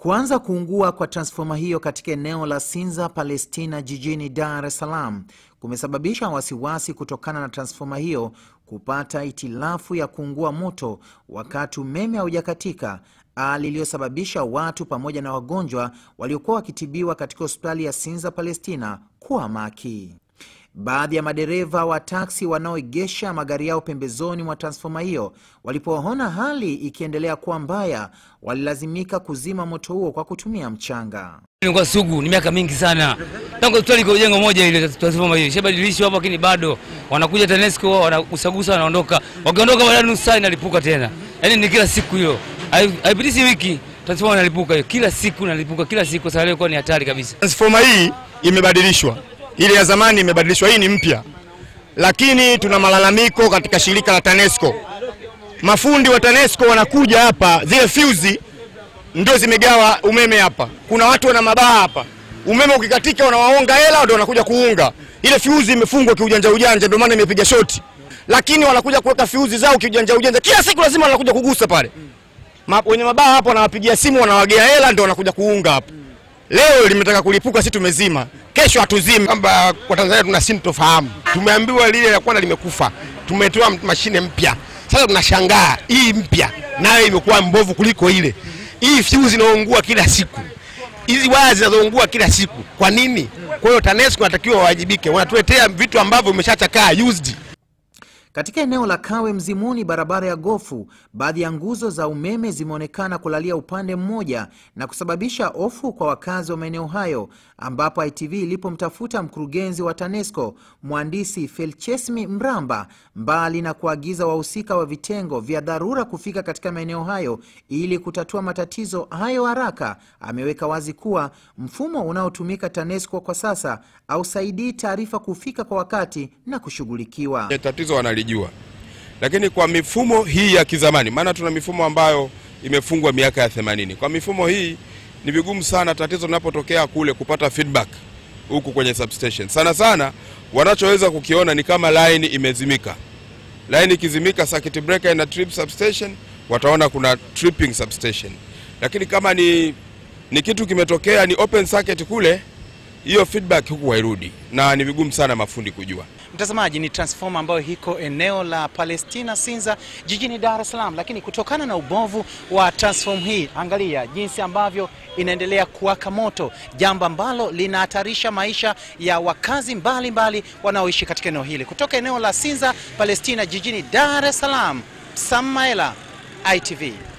Kuanza kuungua kwa transfoma hiyo katika eneo la Sinza, Palestina, jijini Dar es Salaam kumesababisha wasiwasi kutokana na transfoma hiyo kupata itilafu ya kuungua moto wakati umeme haujakatika, hali iliyosababisha watu pamoja na wagonjwa waliokuwa wakitibiwa katika hospitali ya Sinza, Palestina kuwa maki. Baadhi ya madereva wa taksi wanaoegesha magari yao pembezoni mwa transfoma hiyo walipoona hali ikiendelea kuwa mbaya, walilazimika kuzima moto huo kwa kutumia mchanga. Imekuwa sugu, ni miaka mingi sana tangu tu liko jengo moja ile transfoma hiyo ishabadilishwa hapo, lakini bado wanakuja TANESCO wanagusagusa, wanaondoka. Wakiondoka baada nusu saa inalipuka tena, yaani ni kila siku hiyo, haipitisi wiki transfoma inalipuka hiyo, kila siku inalipuka, kila siku. Sasa leo ni hatari kabisa. Transfoma hii imebadilishwa ile ya zamani imebadilishwa, hii ni mpya. Lakini tuna malalamiko katika shirika la TANESCO. Mafundi wa TANESCO wanakuja hapa, zile fuse ndio zimegawa umeme hapa. Kuna watu wana mabaa hapa, umeme ukikatika wanawaonga hela, ndio wanakuja kuunga. Ile fuse. imefungwa kiujanja ujanja, ndio maana imepiga shoti, lakini wanakuja kuweka fuse zao kiujanja ujanja, kila siku lazima wanakuja kugusa pale. wenye mabaa hapo wanawapigia simu, wanawagea hela, ndio wanakuja kuunga hapa. Leo limetaka kulipuka, sisi tumezima, kesho hatuzima. Kwamba kwa Tanzania tuna sintofahamu, tumeambiwa lile la kwanza limekufa, tumetoa mashine mpya, sasa tunashangaa hii mpya nayo imekuwa mbovu kuliko ile. Hii fuse inaungua kila siku, hizi waya zinazoungua kila siku, kwa nini? Kwa hiyo TANESCO wanatakiwa wawajibike, wanatuletea vitu ambavyo vimeshachakaa used katika eneo la Kawe Mzimuni, barabara ya Gofu, baadhi ya nguzo za umeme zimeonekana kulalia upande mmoja na kusababisha hofu kwa wakazi wa maeneo hayo, ambapo ITV ilipomtafuta mkurugenzi wa TANESCO mhandisi Felchesmi Mramba, mbali na kuagiza wahusika wa vitengo vya dharura kufika katika maeneo hayo ili kutatua matatizo hayo haraka, ameweka wazi kuwa mfumo unaotumika TANESCO kwa sasa hausaidii taarifa kufika kwa wakati na kushughulikiwa. Tatizo wanali analijua, lakini kwa mifumo hii ya kizamani, maana tuna mifumo ambayo imefungwa miaka ya themanini. Kwa mifumo hii ni vigumu sana tatizo linapotokea kule kupata feedback huku kwenye substation. Sana sana wanachoweza kukiona ni kama line imezimika. Line ikizimika, circuit breaker ina trip substation, wataona kuna tripping substation. Lakini kama ni, ni kitu kimetokea ni open circuit kule hiyo feedback huku hairudi na ni vigumu sana mafundi kujua. Mtazamaji, ni transforma ambayo hiko eneo la Palestina Sinza jijini Dar es Salaam, lakini kutokana na ubovu wa transform hii, angalia jinsi ambavyo inaendelea kuwaka moto, jambo ambalo linahatarisha maisha ya wakazi mbalimbali wanaoishi katika eneo hili. Kutoka eneo la Sinza Palestina jijini Dar es Salaam, Samaela, ITV.